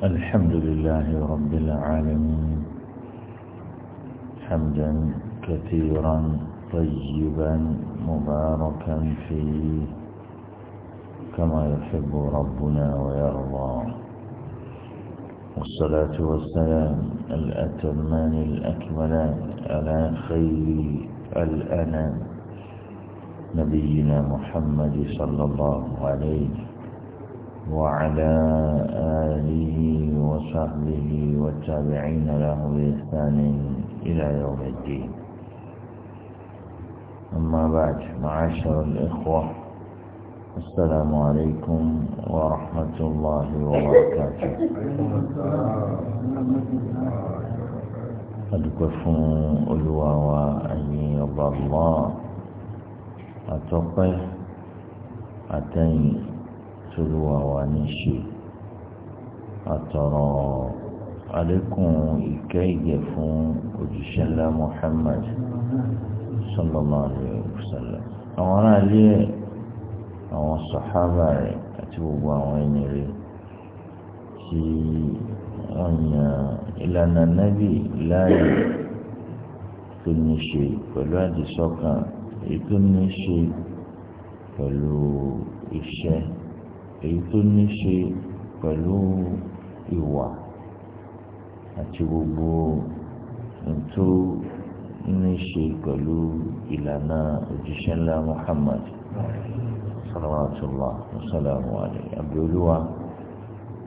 الحمد لله رب العالمين حمدا كثيرا طيبا مباركا فيه كما يحب ربنا ويرضى والصلاة والسلام الأتمان الأكملان على خير الأنام نبينا محمد صلى الله عليه وعلى آله وصحبه والتابعين له بإحسان إلى يوم الدين أما بعد معاشر الإخوة السلام عليكم ورحمة الله وبركاته أدكفوا ألواوى أن الله أتقه أتين tolúwa wa ní ṣe àtọ̀rọ̀ àlékún ìkẹ́ ìgẹ̀ fún òjíṣẹ́ ńlá Muhammad sallallahu alayhi wa sallam àwọn aráàlú ẹ̀ àwọn sàhábà rẹ̀ àti gbogbo àwọn ẹni rẹ̀ tí wọ́n yan ìlànà nábì láàyè tó ní ṣe pẹ̀lú àdìsọ́kàn èyí tó ní ṣe pẹ̀lú iṣẹ́ èyí tó ní ṣe pẹ̀lú ìwà àti gbogbo ntó ní ṣe pẹ̀lú ìlànà òjíṣẹ́ ńlá Muhammad salawatullah wasalamu alayhi abdulluwa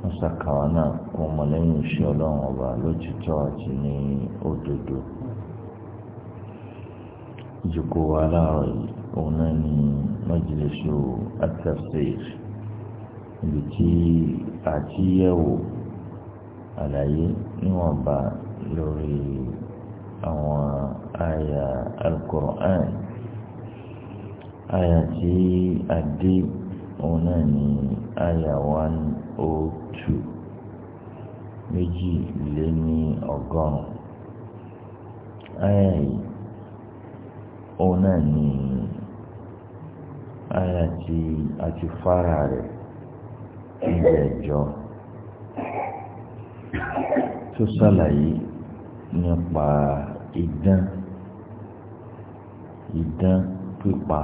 musakawa náà kó mọ̀lẹ́yìn iṣẹ́ ọlọ́run ọba lótìtọ́ àti ní òdodo ìjòkó wa láàárọ̀ yìí òun náà ní majlisu at-tafsir ibi tí àtúnyẹ̀wò àlàyé níwọ̀nba lórí àwọn àyà al-Qur'an àyà tí a dé òun náà ní àyà one oh two méjì lé ní ọgọ́rùn-ún àyà yìí òun náà ní àyà tí a ti fara rẹ̀ ilé ẹjọ́ tó ṣàlàyé nípa idán idán pípa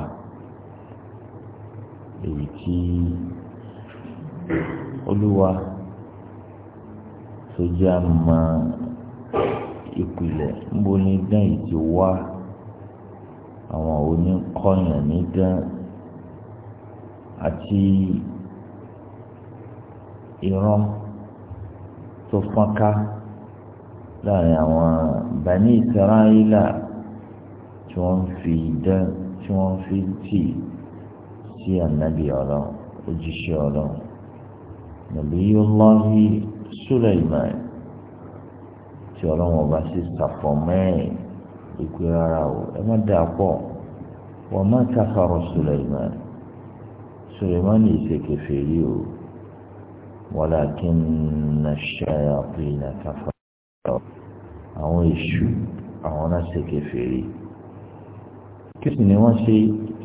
èyí tí olúwa tó jẹ́ àmọ́ ìpìlẹ̀ níbo ni idán yìí ti wá àwọn oníkọyàn ní àti ìran tó fọ́nká láàrin àwọn bani Israila tí wọ́n fi dán tí wọ́n fi tì sí ànábì ọ̀rọ̀ òjíṣẹ́ ọ̀rọ̀ Nabiyullahi Sulaiman tí ọlọ́wọ́n bá sì sàfọ̀ mẹ́rin ìpè rárá o ẹ má dà pọ̀ wọ́n má kafara Sulaiman Sulaiman ní ìṣèkèfèrè o. ولكن الشياطين كفروا àwọn èṣù àwọn aláṣẹ kèfèrí kí sì ni wọ́n ṣe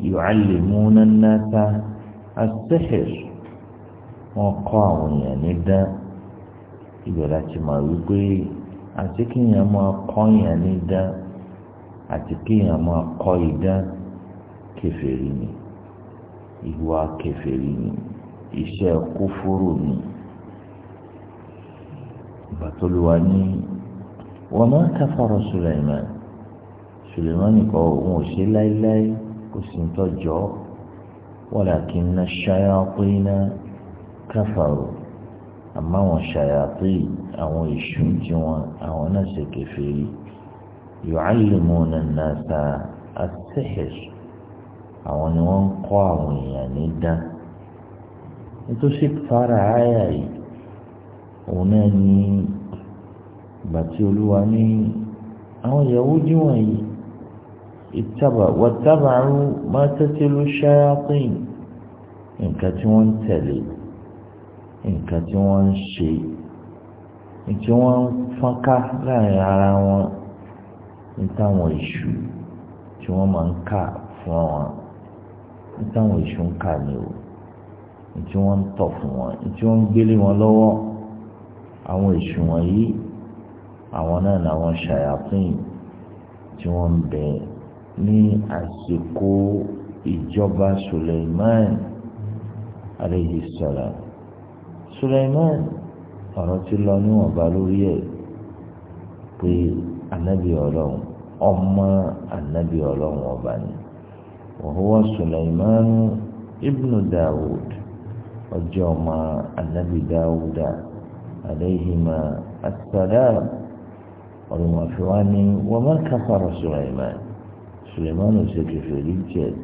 yu'allimuna an-nasa as-sihr wọ́n kọ́ àwọn èèyàn ní dán ibẹ̀ láti máa wípé àti kéèyàn máa kọ́ èèyàn ní dán àti kéèyàn máa kọ́ idán kèfèrí ni ìwà kèfèrí ni iṣẹ́ kúfúrú ni bàtọ́lùwà ní wọ́n máa ń káfàrọ̀ Suleiman Suleiman kọ́ òun ò ṣe láéláé kò sì ń tọ́jọ́ walakinna shayatina káfàrọ̀ àmọ́ àwọn ṣàyàtì àwọn èṣù tí wọn àwọn náà ṣe kèfèrí yu'allimuna an-nasa as-sihr àwọn ni wọ́n ń kọ́ àwọn èèyàn ní dán nítorí fara àyà yìí òun náà ní ìgbà tí olúwa ní àwọn Yahudi wọ̀nyí ìtàbà wàtàbàrú máa tẹ́tí ló ṣáápìn nǹkan tí wọ́n ń tẹ̀lé nǹkan tí wọ́n ń ṣe tí wọ́n ń fọ́nká láàrin ara wọn nítàwọn èṣù tí wọ́n máa ń kà fún wọn nítàwọn èṣù ń kà ní o tí wọ́n ń tọ̀ fún wọn tí wọ́n ń gbélé wọn lọ́wọ́ àwọn èṣù wọ̀nyí àwọn náà làwọn ṣàyàfín tí wọ́n ń bẹ ní àsìkò ìjọba Suleiman aleyhi salam Suleiman ọ̀rọ̀ ti lọ níwọ̀nba lórí ẹ̀ pé anabi ọlọ́run ọmọ anabi ọlọ́run ọba ni wàhùwà Suleiman ibnu Dawud ọjọ́ ọmọ anabi Dawuda. عليهما السلام والمعفوان وما كفر سليمان سليمان سكفريك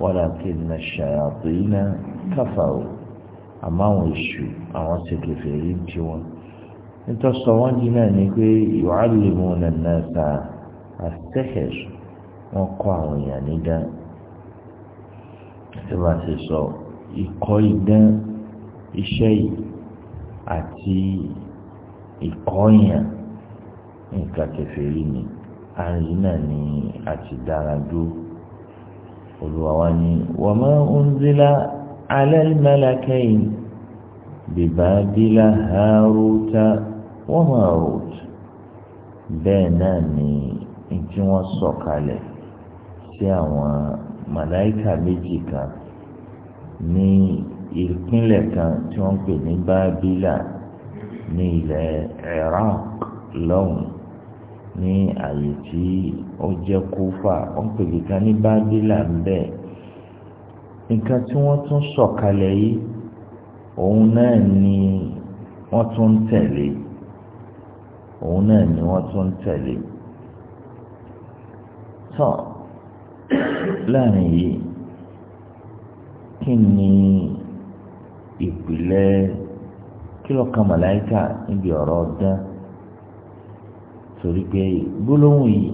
ولكن الشياطين كفروا أما وشو أما سكفريك انت الصواجنا نكوي يعلمون الناس السحر وقعوا يعني ده كما سيصو يقول ده الشيء àti ìkọ́yàn nǹkan kẹfẹ́rí ni àrí náà ni a ti dára dúró olùwà wa ni wà máa ń zila alẹ́ mẹ́lẹ́kẹ́yìn bìbá bílá haaruta wọ́n máa rút bẹ́ẹ̀ náà ni tí wọ́n sọ kalẹ̀ sí àwọn màláìka méjì kan ní ìpínlẹ̀ kan tí wọ́n ń pè ní bábílà ní ilẹ̀ Iraq lọ́hùn ní àyè tí ó jẹ́ kúfà wọ́n pè lè kan ní bábílà ń bẹ̀. nǹkan tí wọ́n tún sọ̀kalẹ̀ yìí òun náà ni wọ́n tún ń tẹ̀lé òun náà ni wọ́n tún ń tẹ̀lé. tọ́ láàrin yìí kí ni ìpìlẹ̀ kílọ̀ kan màláìkà níbi ọ̀rọ̀ dán torí pé gbólóhùn yìí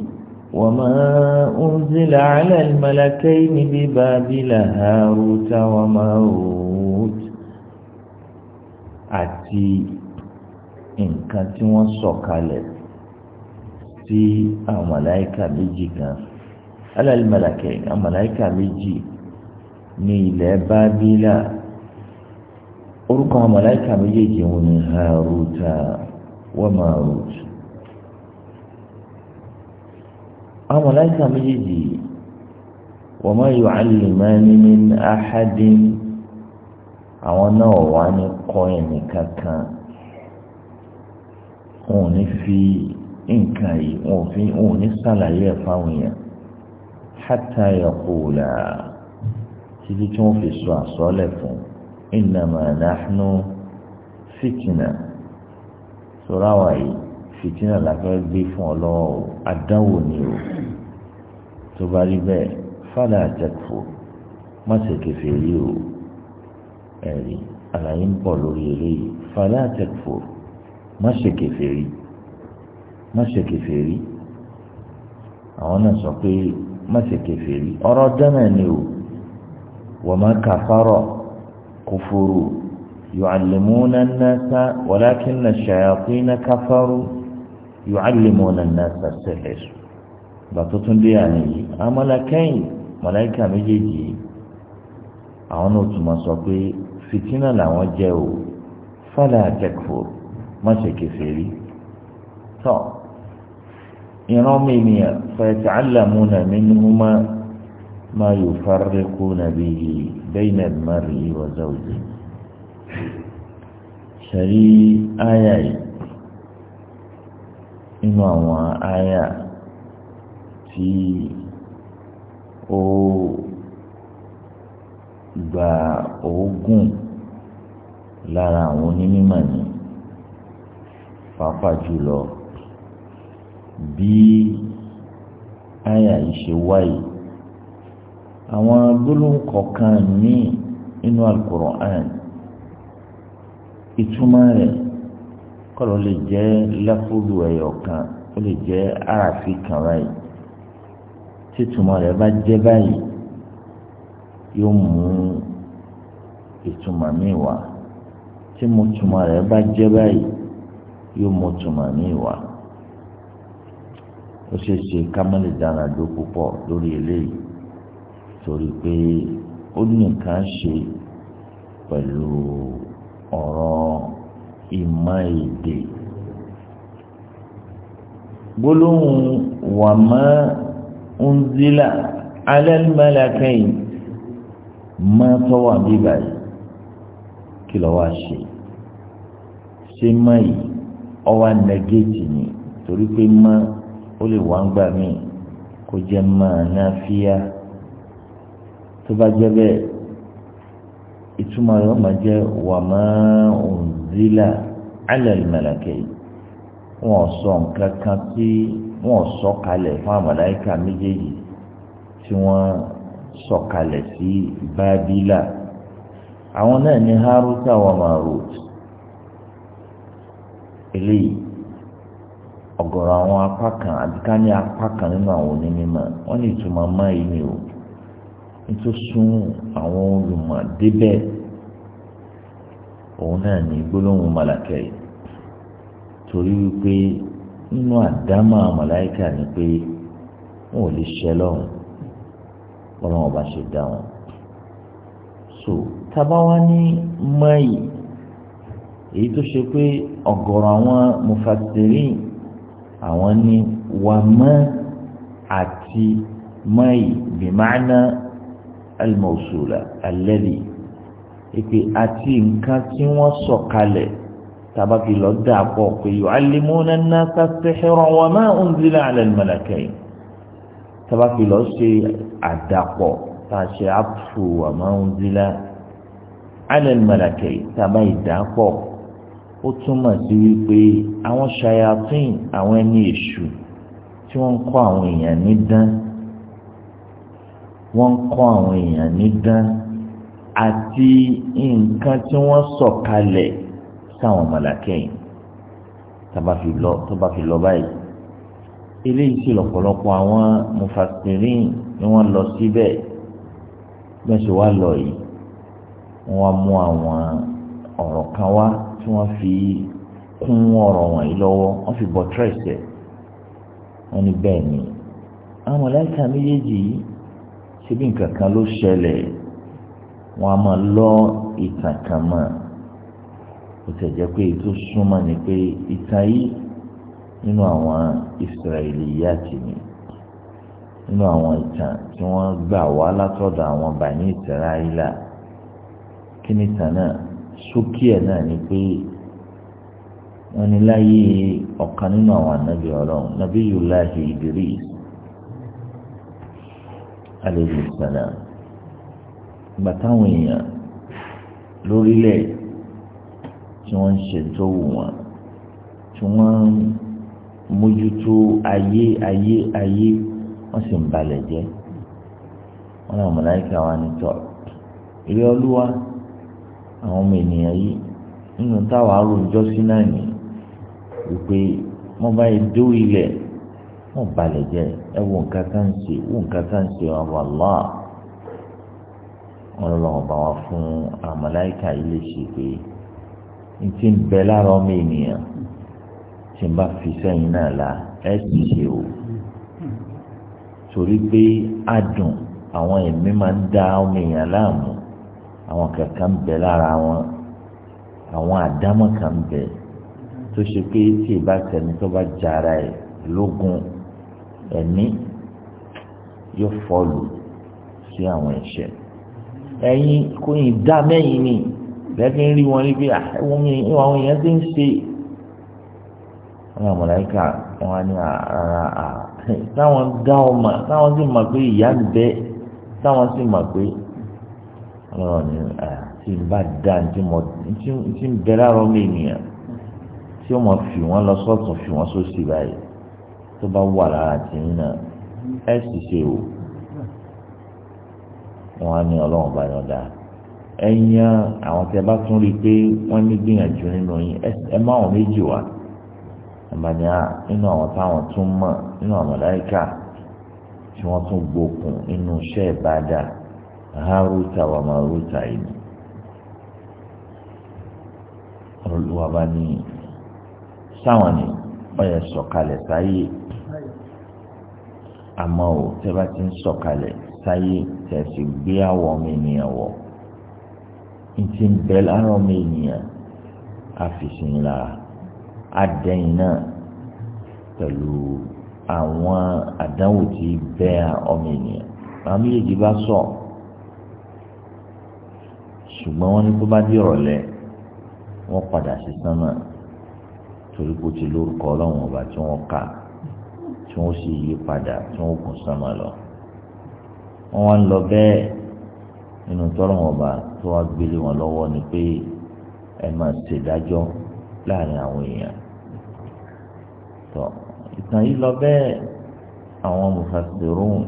wa ma unzila ala al-malakayni bi Babila Haruta wa Marut àti nǹkan tí wọ́n sọ kalẹ̀ sí àwọn màláìkà méjì kan ala al àwọn màláìkà méjì ní ilẹ̀ Babila orúkọ àwọn mọ̀láìkà méjèèjì wọn ni haruta wa marut àwọn mọ̀láìkà méjèèjì wa ma yu'allimani min ahadin àwọn náà wà ní kọ́yìn nìkan kan wọn ò ní fi nǹkan yìí wọn ò fi wọn ò ní sàlàyé ẹ̀ fáwọn èèyàn hatta yaqula títí tí wọ́n fi sọ àsọ́lẹ̀ fún un innama nahnu fìtìnà sọ̀rọ̀ àwọn yìí fìtìnà la fẹ́ gbé fún ọ lọ́wọ́ o àdánwò ni o tó bá rí bẹ́ẹ̀ fala takfu má ṣe kèfèrí o ẹ̀rí àlàyé ń bọ̀ lórí eléyìí fala takfu má ṣe kèfèrí má ṣe kèfèrí àwọn náà sọ pé má ṣe kèfèrí ọ̀rọ̀ dáná ni o wa ma kafara kufuru yu'allimuna an-nasa walakinna ash-shayatina kafaru yu'allimuna an-nasa as-sihr bàtò tún dé àná yìí amalakẹ́yìn màláìka méjèèjì àwọn náà tún máa sọ pé fìtínà làwọn jẹ́ o fala takfur má ṣe kèfèrí tọ́ ìran mi ni fa yata'allamuna minhuma ma yufarriquna bihi. بين المرء وزوجه شري àyà إنما nínú في àyà tí ó gba oògùn lára àwọn onímọ̀ ni pàápàá jùlọ bí àyà yìí ṣe wáyìí àwọn gbólóhùn kọ̀ọ̀kan míì nínú alukur'an ìtumọ̀ rẹ̀ kọ́lọ̀ lè jẹ́ lẹ́fúlù ẹ̀yọ̀ kan ó lè jẹ́ àràfi kan báyìí títúmọ̀ rẹ̀ bá jẹ́ báyìí yóò mú ìtumọ̀ míì wá tí mo túmọ̀ rẹ̀ bá jẹ́ báyìí yóò mú ìtumọ̀ míì wá ó ṣeé ṣe ká má lè dára dó púpọ̀ lórí eléyìí torí pé ó ní nǹkan ṣe pẹ̀lú ọ̀rọ̀ ìmọ̀ èdè gbólóhùn wàmọ́ unzila ala al-malakayn máa tọ́wọ́ àbíbà yìí kí lọ́ wá ṣe ṣé má yìí ọwọ́ nẹgẹ́tì ni torí pé má ó lè wá ń gbà míì kó jẹ́ máa náà fíyà. tó bá jẹ́ bẹ́ẹ̀ ìtumọ̀ rẹ̀ ọmọ jẹ́ wàmà òǹzílà alẹ́lẹ́mẹ̀lẹ́kẹ́ yìí wọ́n sọ nǹkan kan tí wọ́n sọ kalẹ̀ fún àmàláìka méjèèjì tí wọ́n sọ kalẹ̀ sí bábílà àwọn náà ní haruta wa marut eléyìí ọ̀gọ̀rọ̀ àwọn apá kan àbíká apá kan nínú àwọn ní o. tó sún àwọn olùmọ̀ débẹ̀ òun náà ní gbólóhùn màlàkà yìí torí wípé nínú àdámà màláìkà ni pé wọn ò lè ṣẹ lọ́run ọlọ́run ọba ṣe dá wọn. so tábà wá ní mayi èyí tó ṣe pé ọ̀gọ̀rọ̀ àwọn mufasirin àwọn ní wàmọ́ àti mayi bìmáná al-mawsula alladhi ìpè àti nǹkan tí wọ́n sọ kalẹ̀ tabaki lọ dà pọ̀ pé yu'allimuna an-nasa as-sihra wa ma unzila 'ala al-malakayn tabaki lọ ṣe àdàpọ̀ tá a ṣe àpò wa ma unzila 'ala al-malakayn tàbá ìdàpọ̀ ó túmọ̀ sí wípé àwọn ṣayàtìn àwọn ẹni èṣù tí wọ́n ń kọ́ àwọn èèyàn ní dán wọ́n ń kọ́ àwọn èèyàn ní gan àti nǹkan tí wọ́n sọ̀kalẹ̀ sáwọn mọ̀lákẹ́yìn tọba fi lọ fi lọ báyìí eléyìí sì lọ́pọ̀lọpọ̀ àwọn mufasirin ni wọ́n lọ síbẹ̀ bẹ́ẹ̀ sì wá lọ yìí wọ́n wá mú àwọn ọ̀rọ̀ kan wá tí wọ́n fi kún ọ̀rọ̀ wọ̀nyí lọ́wọ́ wọ́n fi bọ̀ tírẹ̀sì wọ́n ní bẹ́ẹ̀ ni àwọn mọ̀láìka yìí síbi nǹkan kan ló ṣẹlẹ̀ wọn a máa lọ ìtàn kan mọ́ ó tẹ̀ jẹ́ pé ètò súnmọ́ ni pé ìtàn yìí nínú àwọn ìsirayìlì yá ti ní nínú àwọn ìtàn tí wọ́n gbà wá látọ̀dọ̀ àwọn bàní ìsirayìlà kí ni ìtàn náà sókè ẹ̀ náà ni pé wọ́n ní láyé ọ̀kan nínú àwọn ànábì ọlọ́run nàbí yòláhì Idris aleyhi sàlám ìgbà táwọn èèyàn lórílẹ̀ tí wọ́n ń ṣe tó wù wọ́n tí wọ́n ń mójútó ayé ayé ayé wọ́n sì ń balẹ̀ jẹ́ wọ́n náà mọ̀láyíkà wa ní tọ́ ilé olúwa àwọn ọmọ ènìyàn yìí nínú táwa arò jọ́sí náà ní wípé wọ́n bá yẹ dó ilẹ̀ wọn balẹ̀ jẹ́ ẹ wo nǹkan kan ṣe wo nǹkan kan ṣe ọ̀rọ̀ ọ̀lá wọn lọ́wọ́ bá wa fún àmàláìka yìí lè ṣe pé n ti ń bẹ lára ọmọ ènìyàn tí n bá fi sẹ́yìn náà la ẹ sì ṣe o torí pé adùn àwọn ẹ̀mí máa ń dá ọmọ èèyàn láàmú àwọn kankan ń bẹ lára wọn àwọn àdámọ̀ kan ń bẹ tó ṣe pé tí ì bá tẹni tó bá jara ẹ̀ lógún ẹ̀mí yóò fọlù sí àwọn ẹ̀ṣẹ̀ ẹ̀yin kò ní dá mẹ́yìn ni lẹ́gbẹ́ rí wọn rí bí ah, àwọn èèyàn ti ń ṣe àwọn mọ̀láìkà wọn ní ara ah, ah. à táwọn dá ọmọ táwọn sì mọ̀ pé ìyá ń bẹ táwọn sì mọ̀ pé ọlọ́run ní tí n bá dá tí n bẹ lára ọmọ ènìyàn tí ó mọ̀ fi wọ́n lọ sọ́tún fi wọ́n sósì báyìí tó bá wà lára tìyín náà ẹ sì ṣe o wọn á ní ọlọ́run bá yọ̀ dáa ẹ̀yin àwọn tí a bá tún rí i pé wọ́n ní gbìyànjú nínú yín ẹ má wọn méjì wá àmàlẹ́ à nínú àwọn táwọn tún mọ̀ nínú àwọn màláíkà tí wọ́n tún gbókun nínú iṣẹ́ ìbádà haruta wa maruta yìí olùwàbá ni sáwọn ni wọ́n yẹ sọ̀kalẹ̀ sáyé àmọ́ ò tẹ́ bá ti ń sọ̀kalẹ̀ sáyé tẹ̀sí gbé àwọ̀ ọmọ ènìyàn wọ̀ ntí ń bẹ lára ọmọ ènìyàn àfìsìn lára adẹ́yìn náà pẹ̀lú àwọn àdánwò tí bẹ́ ọmọ ènìyàn àwọn méjèèjì bá sọ ṣùgbọ́n wọ́n ní tó bá dé ọ̀rọ̀lẹ́ wọ́n padà sí sánmà torí kó ti lórúkọ ọlọ́run ọba tí wọ́n kà á tí wọ́n sì yí padà tí wọ́n kún sánmà lọ. wọ́n wá ń lọ bẹ́ẹ̀ nínú tọ́rọ̀ wọn bá tó wá gbélé wọn lọ́wọ́ ni pé ẹ máa ṣèdájọ́ láàrin àwọn èèyàn. tọ́ ìtàn yìí lọ bẹ́ẹ̀ àwọn mufasirun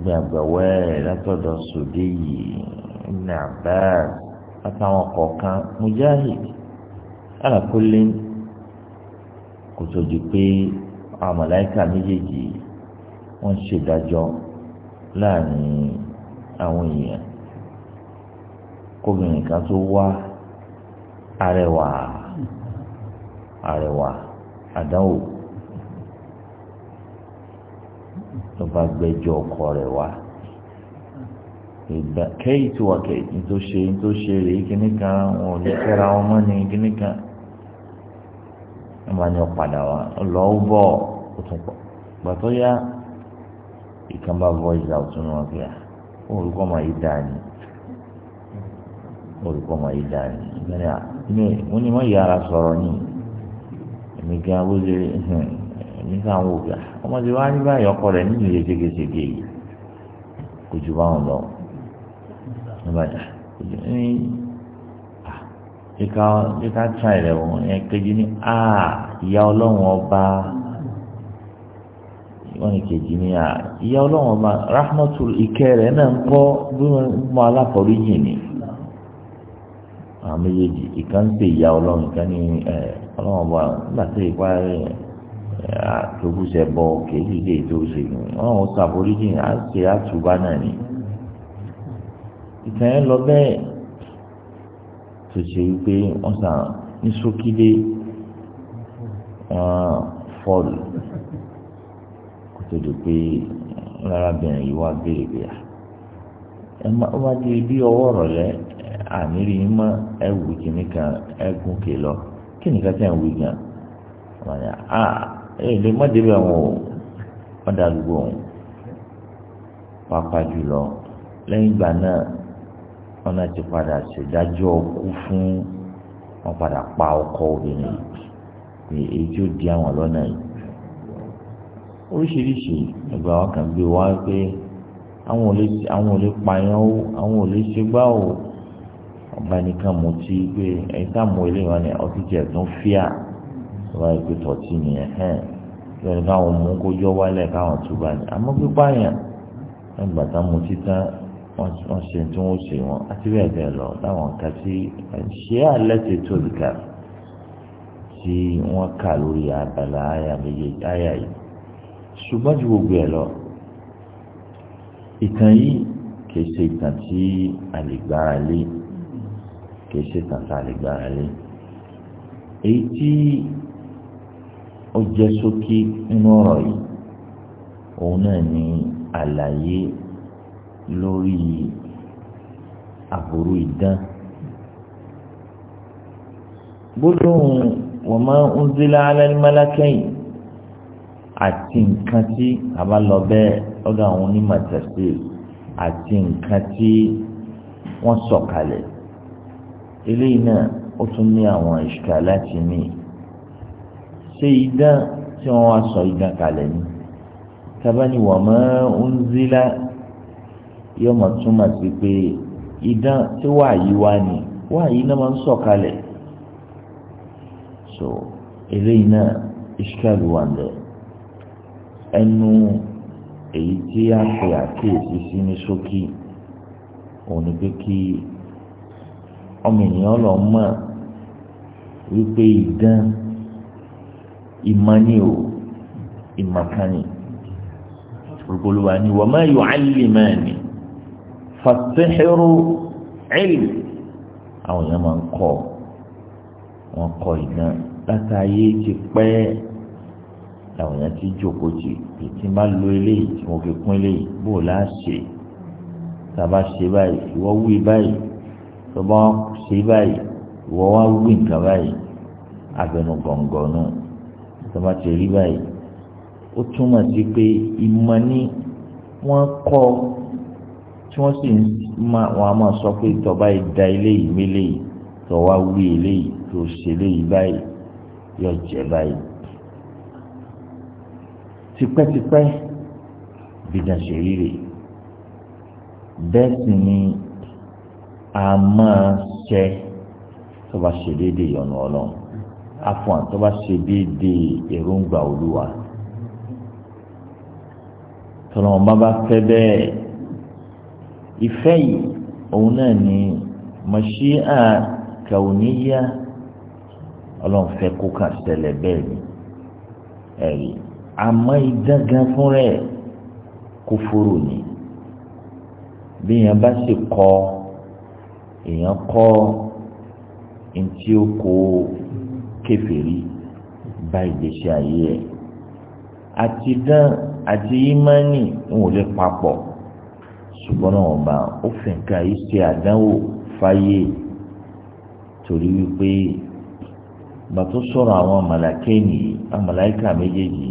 gbé àgbàwẹ́ látọ̀dọ̀ sòdé yìí Ibn Abbas àtàwọn kọ̀ọ̀kan Mujahid alákólé kò tó di pé àmàláìkà méjèèjì wọ́n ṣèdájọ́ láàrin àwọn èèyàn kóbìnrin kan tó wá arẹwà arẹwà àdánwò ló bá gbẹ́jọ́ ọkọ rẹ̀ wá ìgbà kẹ́yì tó wà kẹ́yì tó ṣe tó ṣe rè é kíní kan wọn ò lè fẹ́ra wọn mọ́ kíní kan wọn bá ní ọ̀padà wa lọ́ọ́ bọ̀ ó tún pọ̀ gbàtọ́ yá ìkànnì voice out ni wọ́n fi à olùkọ́ máa yí dáa ni olùkọ́ máa yí dáa ni ìgbàlẹ́ à ní wọ́n ní wọ́n yára sọ̀rọ̀ ni èmi gan bó ṣe èmi sáà ń wò gà ah, ọmọ ti wá nígbà yọkọ rẹ̀ nínú ilé ségesège yìí kò ju báwọn lọ nígbàdà ah, kò ju ní ìka ìka tíra rẹ̀ wọ́n ẹ̀ kejì ní a ah, ìyá ọlọ́run ọba wọ́n ní kejì ní à ìyá ọlọ́run ọba rahmatul ìkẹ́ rẹ̀ náà ń kọ́ bí wọ́n mọ aláforíjì ni àwọn méjèèjì ìkan ń pè ìyá ọlọ́run ìkan ní ẹ ọlọ́run ọba nígbà tí ìpá àtòkùsẹ̀ bọ kéjì lè tó ṣe nù ọlọ́run ṣàforíjì á ṣe àtúbá náà ni ìtàn yẹn lọ bẹ́ẹ̀ tó ṣe wípé wọ́n sàn ní sókílé fọ́ọ̀lù tó di pé arábìnrin yìí wá béèrè pé ah, ẹ má wá di bí ọwọ́ rọ̀lẹ́ àníri yín mọ́ ẹ wù kíní kan ẹ gùn ké lọ kí nìkan tẹ̀ ń wí gan wọn ni à ah, ẹ lè má débẹ̀ wọn o wọn dà lùgbò wọn pàápàá jùlọ lẹ́yìn ìgbà náà wọn náà ti padà ṣèdájọ́ kú fún wọn padà pa ọkọ obìnrin yìí èyí tí ó di àwọn lọ́nà yìí oríṣiríṣi ẹgbẹ́ àwọn kan gbé wá pé àwọn ò lè àwọn ò o àwọn ò lè ṣègbà o ọba nìkan mú ti pé ẹ̀yin tá mú eléyìí wọn ni ọtí jẹ tó ń fíà ọba ìgbé tọ̀tí nìyẹn hẹ́n lórí káwọn mú kójọ wálẹ̀ káwọn túbà ní àmọ́ pípààyàn ẹgbà tá mú títán wọ́n ṣe tí wọ́n ṣe wọn àti bẹ́ẹ̀ bẹ́ẹ̀ lọ láwọn nǹkan tí ṣé àlẹ́ ti tóbi tí wọ́n kà lórí abala àyà méjèèjì àyà yìí ṣùgbọ́n ju gbogbo ẹ̀ lọ ìtàn yìí kìí ṣe ìtàn tí a lè gbára lé kìí ṣe ìtàn tí a lè gbára lé èyí tí ó jẹ́ sókè nínú ọ̀rọ̀ yìí òun náà ni àlàyé lórí àbúrò idán gbólóhùn wa ma unzila ala al-malakayn àti nǹkan tí a bá lọ bẹ́ẹ̀ lọ́dọ̀ àwọn onímọ̀ tẹ̀sí àti nǹkan tí wọ́n sọ̀kalẹ̀ eléyìí náà ó tún ní àwọn ìṣúká láti mí ṣé idán tí wọ́n wá sọ idán kalẹ̀ ni tábàní wà mọ́ unzila yóò mọ̀ túmọ̀ sí pé idán tí wàyí wá ni wàyí náà máa ń sọ̀kalẹ̀ so eléyìí náà ìṣúká ló wà ń bẹ́ẹ̀ ẹnu èyí tí a ṣe àkíyèsí sí ní ṣókí òun ni pé kí ọmọ ènìyàn lọ mọ̀ wípé ìdán ìmọ̀ni o ìmọ̀kánì olùkọ́lùwà ni wa ma yu'allimani fas-sihru ilm àwọn èèyàn máa ń kọ́ wọn kọ́ ìdán látàyè ti pẹ́ẹ́ làwọn èèyàn ti jòkó tì ètí má lo eléyìí tí mo fi kún eléyìí bó o láà tàbá ṣe báyìí ìwọ wí báyìí tọba ṣe báyìí ìwọ wá wí nǹkan báyìí abẹnú gọ̀ǹgọ̀ nù tọba ti rí báyìí ó túmọ̀ sí pé ìmọ̀ ni wọ́n kọ́ tí wọ́n sì máa wọ́n á máa sọ pé tọba ìdá eléyìí mélèyìí tọwa wí eléyìí tó ṣe eléyìí báyìí yóò jẹ báyìí tipẹ́tipẹ́ bìdà ṣèríre bẹ́ẹ̀ sì ni a máa ṣẹ tó bá ṣe déédéé ìyọnu ọlọ́run afọ̀n tó bá ṣe déédéé èròǹgbà olúwa tọ́lọ́wọ́n bá bá fẹ́ bẹ́ẹ̀ ìfẹ́ yìí òun náà ni mọ̀ṣíà kàwọ́níyà ọlọ́run fẹ́ kó kà ṣẹlẹ̀ bẹ́ẹ̀ ni ẹ̀rí àmọ́ ìdángan fún rẹ̀ kúfúrù ni bí èèyàn bá sì kọ èèyàn kọ ntí ó kó kèfèrí bá ìgbésí ayé ẹ̀ àti dán àti ìmánì ń wòlé papọ̀ ṣùgbọ́n náà ọba ó fi nǹkan yìí ṣe àdánwò fáyé torí wípé gbàtó sọ̀rọ̀ àwọn màláíkà nìyí méjèèjì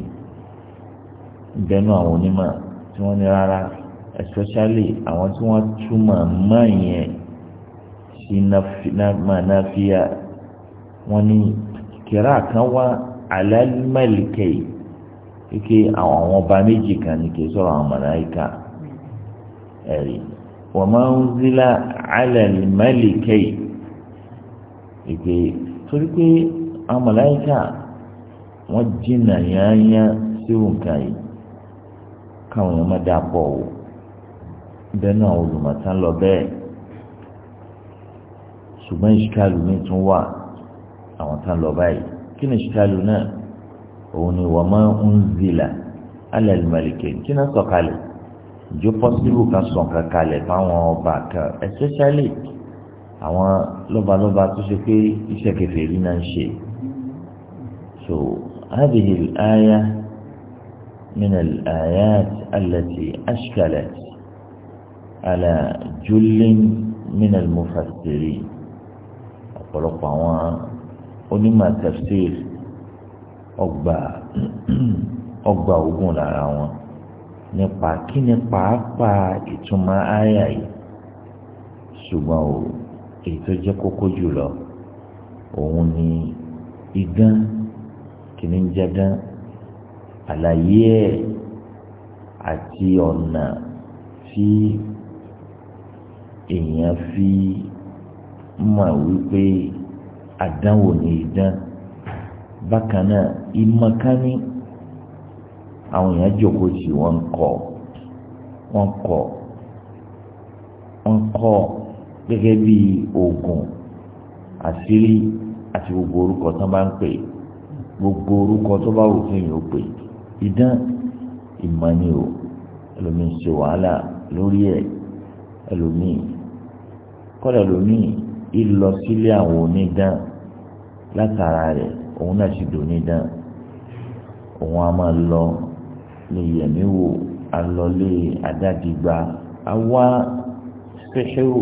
bẹnu àwọn onímọ̀ tí wọ́n ní rárá especially àwọn tí wọ́n túmọ̀ mọ́ yẹn sí nàfíà wọ́n ní kíra kan wá alálùmọ̀lìkẹ́ yìí kíkẹ́ àwọn ọba méjì kan ní kí sọ̀rọ̀ àwọn màláíkà ẹ̀rí wọ́n máa ń zílá alálùmọ̀lìkẹ́ yìí ìpè torí pé àwọn màláíkà wọ́n jìnnà yányá sí nǹkan yìí káwọn èèyàn má dáa pọ̀ o bẹ́ẹ̀ náà olùmọ̀tán lọ bẹ́ẹ̀ ṣùgbọ́n ìṣíkàlù mi tún wà àwọn tán lọ báyìí kí ni ìṣíkàlù náà òun ni wọ́n máa ń zìlà alẹ́ àlùmọ̀lẹ́kẹ̀ kí náà sọ̀kalẹ̀ ìjọ pọ́sibú kan sàn kankalẹ̀ fáwọn ọba kan especially àwọn lọ́balọ́ba tó ṣe pé iṣẹ́ kẹfẹ́ rí náà ń ṣe so hadhihi al من الآيات التي أشكلت على جل من المفسرين ọ̀pọ̀lọpọ̀ àwọn onímọ̀ tafsir ọgbà ọgbà ogun lára wọn nípa kí ni pàápàá ìtumọ̀ àyà yìí ṣùgbọ́n o èyí tó jẹ́ kókó jùlọ òun ni idán kìíní jẹ́ dán àlàyé ẹ̀ àti ọ̀nà tí èèyàn fi mọ̀ wípé àdánwò ni ìdán bákan náà ìmọ̀kání àwọn èèyàn jókòó sí wọ́n kọ́ wọ́n kọ́ wọ́n kọ́ gẹ́gẹ́ bí oògùn àṣírí àti gbogbo orúkọ tó bá ń pè gbogbo orúkọ tó bá wù fún yìí ó pè ìdán ìmọ̀ni o ẹlòmíì ṣe wàhálà lórí ẹ̀ ẹlòmíì kọ́dà ẹlòmíì ìlọ sílé àwọn onídán látara rẹ̀ òun náà sì dùn onídán òun a máa lọ lè yẹ̀mí wò alọ́lé àdádigba awa ṣẹṣẹ́rò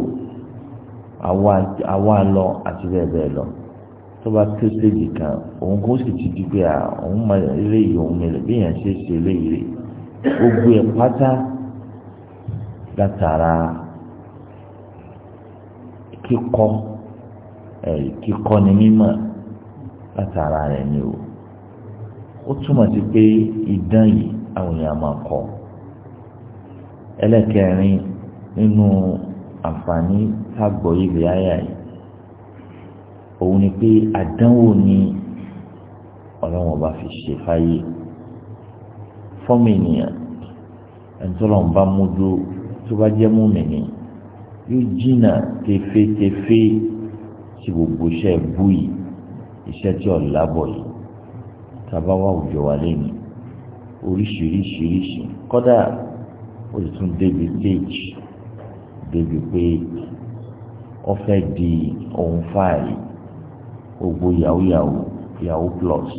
awa lọ àti bẹ́ẹ̀ bẹ́ẹ̀ lọ tó bá tó stage kan òun kò sì ti di pé à òun mọ eléyìí òun mẹlẹ bí èèyàn ṣe ṣe eléyìí rè gbogbo ẹ̀ pátá látara kíkọ́ ẹ̀ kíkọ́ ni mímọ̀ látara rẹ̀ ni o ó túmọ̀ sí pé idán yìí àwọn èèyàn máa kọ́ ẹlẹ́kẹrin nínú àǹfààní tágbọ̀ yìí lè yìí òun ni pé àdánwò ni ọlọ́run ọba fi ṣe fáyé fọ́ọ̀mù ènìyàn ẹ̀ńtọ́lọ̀ ń bá mójú tó bá jẹ́ mùmínì yóò jìnnà tefetefe tí gbogbo iṣẹ́ bú yìí iṣẹ́ tí ọ̀la bọ̀ yìí tàbá wà òjò wa lẹ́nu oríṣiríṣiríṣi kọ́dà ó sì tún débi stage débi pé ó fẹ́ di ohun fáàlì gbogbo yahoo yahoo yahoo plus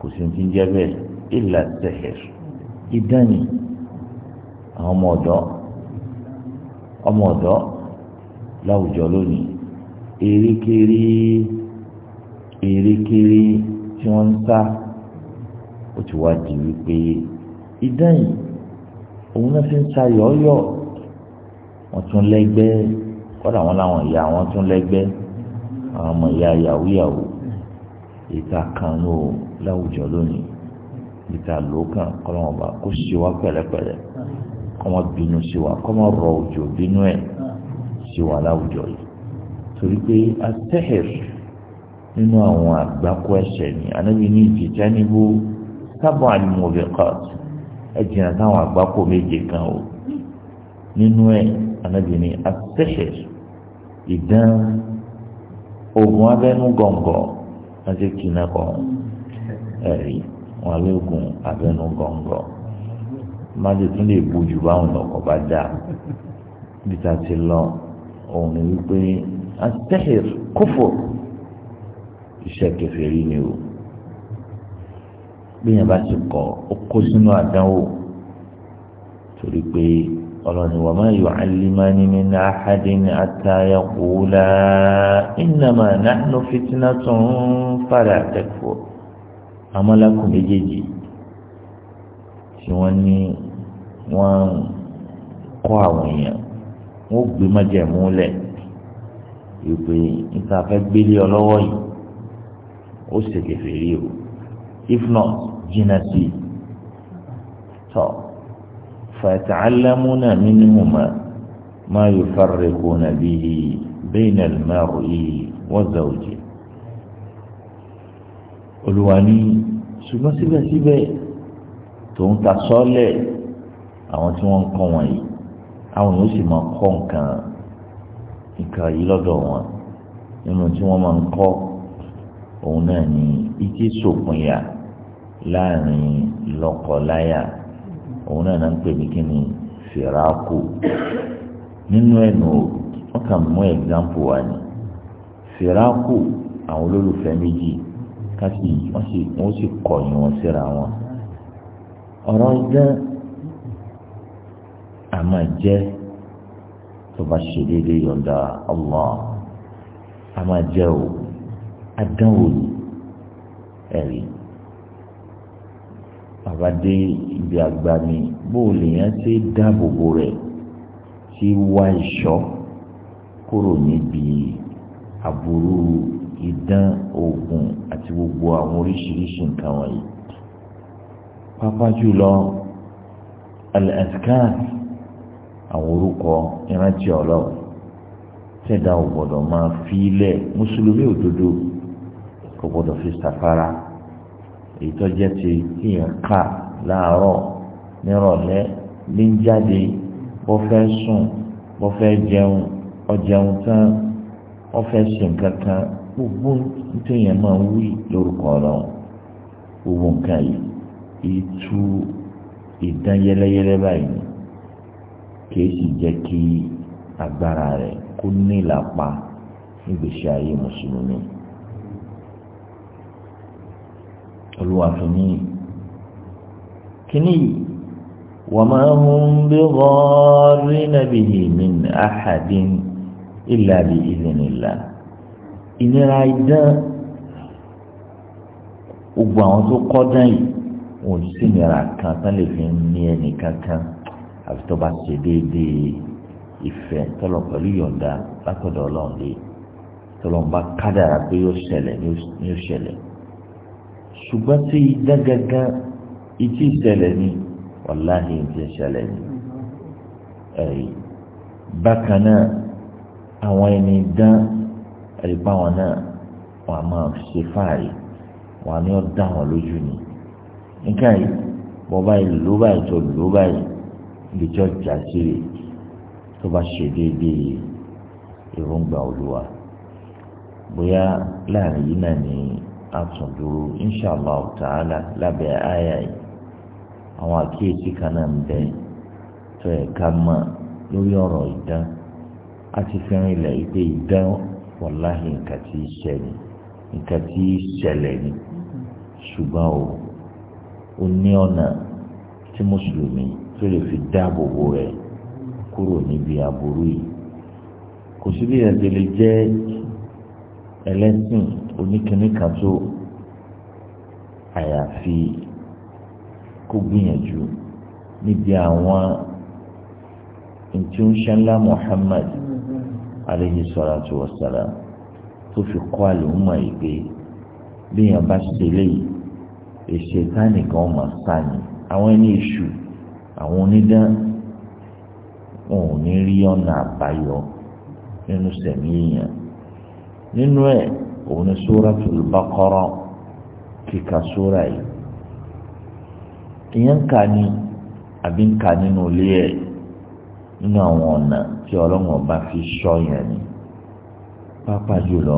kò sí ti ń jẹ́ bẹ́ẹ̀ ìlà tẹ̀hẹ̀r ìdánì àwọn ọmọ ọ̀dọ́ ọmọ ọ̀dọ́ láwùjọ lónìí erékeré erékeré tí wọ́n ń sá ó ti wá di wípé ìdánì òun náà fi ń sa yọ̀ọ́yọ̀ wọ́n tún lẹ́gbẹ́ kọ́dà wọn láwọn ìyá wọn tún lẹ́gbẹ́ àwọn ọmọ ìyá yahoo yahoo ìta kanú láwùjọ lónìí ìta lókàn kọ́lọ́wọ́n bá kó sí wa pẹ̀lẹ́pẹ̀lẹ́ kọ́mọ bínú sí wa kọ́mọ rọ òjò bínú ẹ̀ sí wa láwùjọ yìí torí pé atẹ́hẹ̀r nínú àwọn àgbákò ẹ̀ṣẹ̀ ni anábì ní ìjìjà níbo sábà al-mubiqat ẹ jìnnà táwọn àgbákò méje kan o nínú ẹ̀ anábì ní atẹ́hẹ̀r ìdán oògùn abẹ́nú gọ̀ǹgọ̀ wọ́n ti kì í náà kọ́ ẹ̀rí wọn lé oògùn abẹ́nú gọ̀ǹgọ̀ májè tún lè bójú báwọn lọ́kọ̀ bá dà bí ta ti lọ òun ni wípé àtẹ́hìr kófò iṣẹ́ kẹfẹ́rí ni o bí yẹn bá ti kọ́ ó kó sínú àdánwò torí pé ọlọ́ni wà máa yọ alimani min ahadin hatta yaqula innama nahnu fitnatun fala takfur amálàkùn méjèèjì tí wọ́n ní wọ́n kọ́ àwọn èèyàn wọ́n gbé májẹ̀mú lẹ̀ ìpè nípa gbélé ọlọ́wọ́ yìí ó ṣèkèfèrè o if not jìnnà sí i So, فيتعلمون منهما ما يفرقون به بين المرء وزوجه. olùwàní ṣùgbọ́n síbẹ̀síbẹ̀ tòun ta sọ́ọ̀lẹ̀ àwọn tí wọ́n ń kọ́ wọn yìí àwọn yóò sì máa kọ́ nǹkan nǹkan yìí lọ́dọ̀ wọn nínú tí wọ́n máa ń kọ́ òun náà ní ìtí sòpin yà láàrin lọ́kọ láyà. òun náà náà ń pè ní kíni fìràkù nínú ẹnu wọn kà mú ẹgbàmpù wa ni fìràkù àwọn olólùfẹ́ méjì káṣí wọn sì wọn sì kọ̀yìn wọn síra wọn ọ̀rọ̀ idán àmọ́ jẹ́ tó bá ṣe déédéé yọ̀ǹda Allah o adánwò bàbá dé ibi àgbà mi bó o lè yàn ṣe dáàbò bo rẹ̀ tí wá ìṣọ́ kúrò níbi aburú idán oògùn àti gbogbo àwọn oríṣiríṣi nǹkan wọ̀nyí pápá jùlọ al-azkar àwọn orúkọ ìrántí ọlọ́run tẹ̀dá ò gbọ́dọ̀ máa fi ilẹ̀ mùsùlùmí òdodo kò gbọ́dọ̀ fi sàfara ìtọ́jẹ́ ti kíyàn ká láàárọ̀ nírọ̀lẹ́ níjáde bó fẹ́ sùn bó fẹ́ jẹun ọjẹun tán wọ́n fẹ́ sùn kankan gbogbo nítoríyàn máa ń wí lórúkọ ọlọ́run gbogbo nǹkan yìí ìtú ìdán yẹlẹyẹlẹ báyìí kìí sì jẹ́ kí agbára rẹ̀ kó nílàpá nígbèsè ayé mùsùlùmí. olúwa fi ní kíní wa ma hum bigharrina bihi min ahadin illa bi idhnillah ìnira idán gbogbo àwọn tó kọ́ dán yìí wọn ò sí ìnira kan tán lè fi ní ẹnì kankan àfi tó bá ṣe déédéé ìfẹ́ tọ́lọ̀ pẹ̀lú yọ̀ǹda látọ̀dọ̀ ọlọ́run lé tọ́lọ́run bá kádàrà pé yóò ṣẹlẹ̀ yóò ṣẹlẹ̀ ṣùgbọ́n tí idán gangan ìtì ìṣẹ̀lẹ̀ ni wàláhì ìtì ìṣẹ̀lẹ̀ ni ẹ̀yìn bákan náà àwọn ẹni dán ẹ̀rìbá wọn náà wọn a máa ṣe fáàrí wọn a ní ọ dá wọn lójú ni nǹkan yìí bọ́ báyìí ló báyìí tó ló báyìí lè jọ jà sí tó bá ṣe déédéé èròǹgbà olúwa bóyá láàrin yìí náà ni. àtúndúró inshallah ta'ala lábẹ́ àyà yìí àwọn àkíyèsí kan náà ń bẹ tó yẹ ká mọ̀ lórí ọ̀rọ̀ ìdán àti fẹ́ràn ilẹ̀ ìpè ìdán wàláhì nǹkan tí í nǹkan tí í ṣẹlẹ̀ ni ṣùgbọ́n o ní ọ̀nà tí mùsùlùmí fi dáàbò bo rẹ̀ kúrò níbi yìí kò sí bí ẹlẹ́sìn oníkíní kan tó àyàfi kó gbìyànjú níbi àwọn ìtúnṣẹ́lá Muhammad aleyhi sọ́láàtú wọ́sálà tó fi kọ́ àlùmọ́ yìí pé bíyàn bá ṣe léyìí èsì táàní kan máa sáàní àwọn ẹni èṣù àwọn onídán wọn ò ní rí ọ̀nà àbáyọ nínú sẹ̀mí èèyàn nínú ẹ̀ òun ni suratul Baqara kíka sóra yìí ìyẹn ń kà ní àbí ń kà nínú ilé ẹ̀ nínú àwọn ọ̀nà tí ọlọ́wọ́n bá fi sọ yẹn ni pápá jùlọ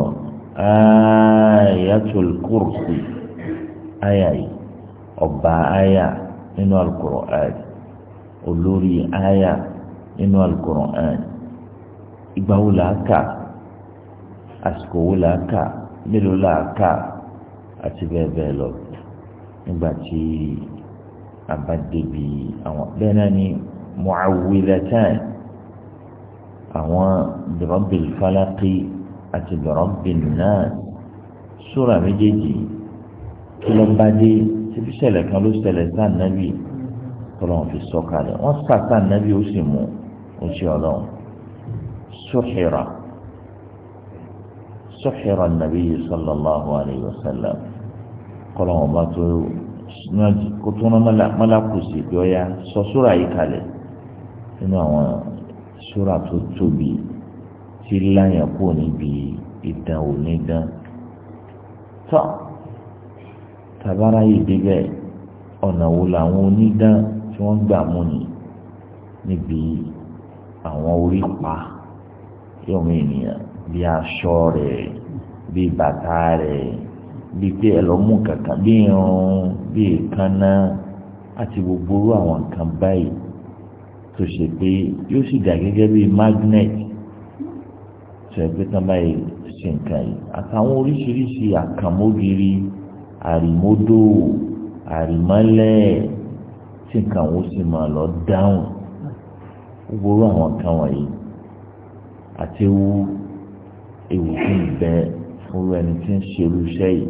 ayatul kursi aya yìí ọba aya nínú al-Qur'an olórí aya nínú al-Qur'an ìgbà wo làá kà àsìkò wo là á kà mélòó là á kà àti bẹ́ẹ̀ bẹ́ẹ̀ lọ nígbà tí a bá débi àwọn bẹ́ẹ̀ náà ni mu'awwilatan àwọn bi rabbil falaqi àti bi rabbin nas méjèèjì kí ló bá dé síbi ṣẹlẹ̀ kan ló ṣẹlẹ̀ sáà nábì tọ́lọ́wọ́n fi sọ́kalẹ̀ wọ́n sà sáà nábì ó sì mú ó sì ọlọ́run sóhìrà sọ́hìrà nàbí sallallahu alayhi wa sallam kọ́lọ́ wọn bá tó kó tó ná mọ́lákùsì bí ọya sọ súra yìí kalẹ̀ nínú àwọn súra tó tóbi tí láyà kú níbi ìdán onídán tọ́ tabara yìí débẹ̀ ọ̀nà wo làwọn onídán tí wọ́n gbà mú ni níbi àwọn orí pa yọ̀mọ̀ ènìyàn bí aṣọ rẹ̀ bí bàtà rẹ̀ bí pé ẹlọ́mú kankan bí irun bí èékánná àti gbogbo àwọn nǹkan báyìí tó ṣe pé yóò sì dà gẹ́gẹ́ bí magnet tó ẹgbẹ́ tán báyìí ṣe nǹkan yìí àtàwọn oríṣiríṣi àkàmógiri àrìmódò àrìmọ́lẹ̀ tí nǹkan wọn sì máa lọ dáhùn gbogbo àwọn nǹkan wọ̀nyí àti ewu ewu tí ń bẹ fún ẹni tí ń ṣerú iṣẹ́ yìí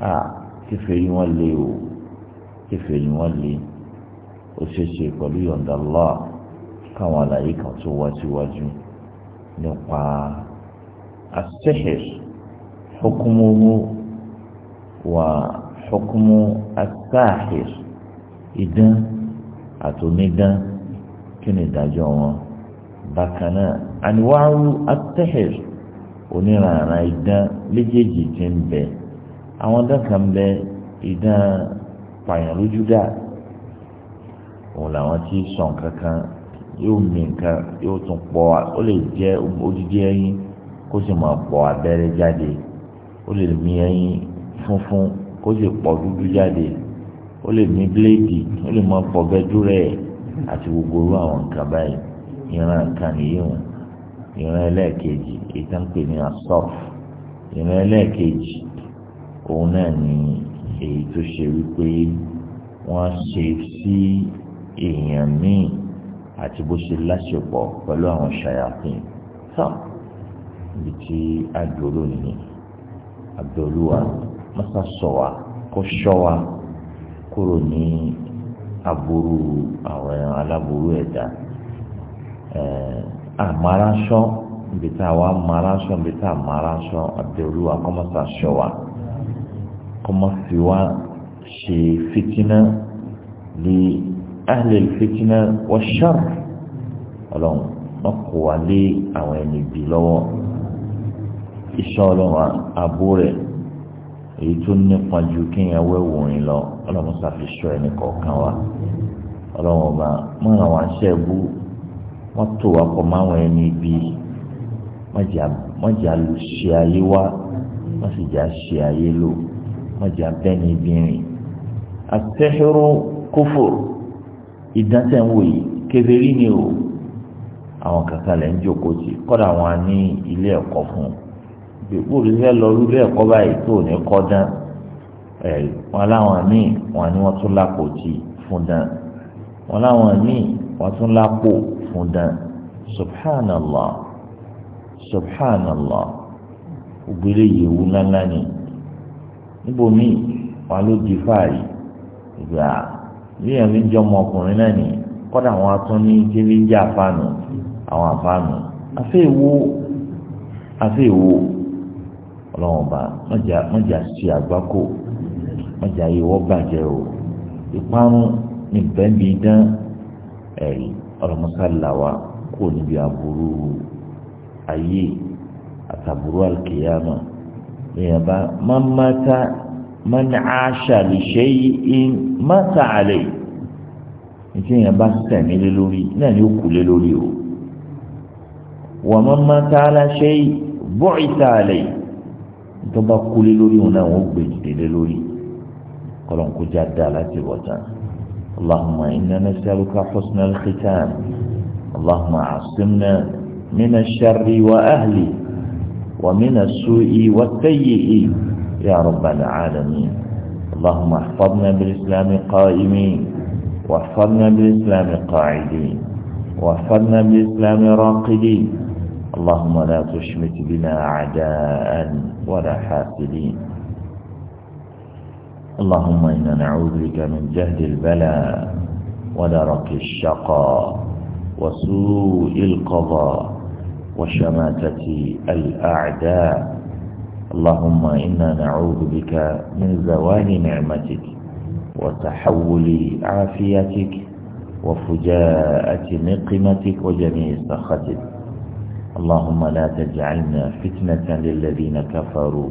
a kèfèrí wọn lé o kèfèrí wọn lé o ṣeéṣe pẹ̀lú yọ̀ǹda Allah káwọn àlàyé kan tó wá síwájú nípa as-sihr hukmuhu wa hukmu as àtòmídán kí ni ìdájọ́ wọn bákan náà àníwáwú as oníranran idán méjèèjì ti ń bẹ àwọn idán kan bẹ idán pààyàn lójú dà òun làwọn ti sọ nǹkan kan yóò mi nǹkan yóò tún pọ̀ ó lè jẹ́ odidi ẹyin kó sì máa pọ̀ abẹ́rẹ́ jáde ó lè mi ẹyin funfun kó sì pọ̀ dúdú jáde ó lè mi bíléèdì ó lè máa pọ̀ gẹ́dúrẹ́ àti gbogbo irú àwọn nǹkan báyìí ìran kan nìyí wọn ìran ẹlẹ́ẹ̀kejì ìtàn pè ní asọ́f ìran ẹlẹ́ẹ̀kejì òun náà ni èyí tó ṣe wípé wọ́n ṣe sí èèyàn míì àti bó ṣe láṣepọ̀ pẹ̀lú àwọn ṣàyàfin tán ibi tí àjòrò nìyí àbẹ̀olúwa mọ́sá sọ wa kó ṣọ́ wa kúrò ní aburú àwọn aláburú ẹ̀dá àmàránṣọ́ ibi tá a wá màránṣọ́ ibi tá a màránṣọ́ àbẹ̀olúwa kọ́mọ́sà ṣọ́wa kọ́mọ́síwá ṣe fitinà lè ahlẹ̀ fitinà wọ́ṣọ́r ọlọ́run wọ́n kò wá lé àwọn ẹni bì lọ́wọ́ iṣẹ́ ọlọ́run àbó rẹ̀ èyí tó nípa ju kéèyàn wẹ́wò rìn lọ ọlọ́run ṣàfihàn ẹnì kọ̀ọ̀kan wa ọlọ́run ọba mọ́ràn wá ṣẹ́ẹ̀bù wọ́n tó wa pọ̀ mọ́ àwọn ẹni ibi wọ́n jà ṣe ayé wá wọ́n sì jà ṣe ayé lò wọ́n jà bẹ́ni ibi rìn. àtẹ́hẹ́rọ kófò ìdánsẹ̀wò yìí kébèrè ni o àwọn kàkà lẹ̀ ń jókòó tì kọ́dà wọn ní ilé ẹ̀kọ́ fún un gbogbo òṣìṣẹ́ lọ lórí ẹ̀kọ́ báyìí tó ní kọ́ ẹ̀ wọn láwọn míì wọn ni wọ́n tún lápò tì fún dán wọn láwọn míì wọ́n tún lápò fún dán subhanallah subhanallah ògbélé yẹ̀wù nánà ni níbomi wọn ló di fáàrí ìgbà yíyan mi jọ ọmọkùnrin náà ni kọ́dà àwọn atún ní kíní jẹ́ àfáànù àwọn àfáànù àfẹ́wò àfẹ́wò ọlọ́wọ́nba mọ̀jà ṣe àgbákò mọ̀jà ìwọ́ bàjẹ́ o ìparun ní bẹ́ẹ̀ bí dán ẹ̀rí ọlọmọsálàwà kò níbi aburú ayé àtàbúrú àlùkìyàmà èèyàn bá máa máta máa ní àṣà lè ṣe yín máta àlè ìtí èèyàn bá sẹ̀mí lé lórí náà ni ó kù lé lórí o wọ́n máa máta aláṣẹ bọ́ ìta àlè kú lé lórí wọn náà wọ́n gbèjìdè lé lórí kọ́lọ́n kó já dáa láti wọ̀ tán. اللهم إنا نسألك حسن الختام اللهم عصمنا من الشر وأهله ومن السوء والسيء يا رب العالمين اللهم احفظنا بالإسلام قائمين واحفظنا بالإسلام قاعدين واحفظنا بالإسلام راقدين اللهم لا تشمت بنا أعداء ولا حاسدين اللهم إنا نعوذ بك من جهد البلاء ودرك الشقاء وسوء القضاء وشماتة الأعداء اللهم إنا نعوذ بك من زوال نعمتك وتحول عافيتك وفجاءة نقمتك وجميع سخطك اللهم لا تجعلنا فتنة للذين كفروا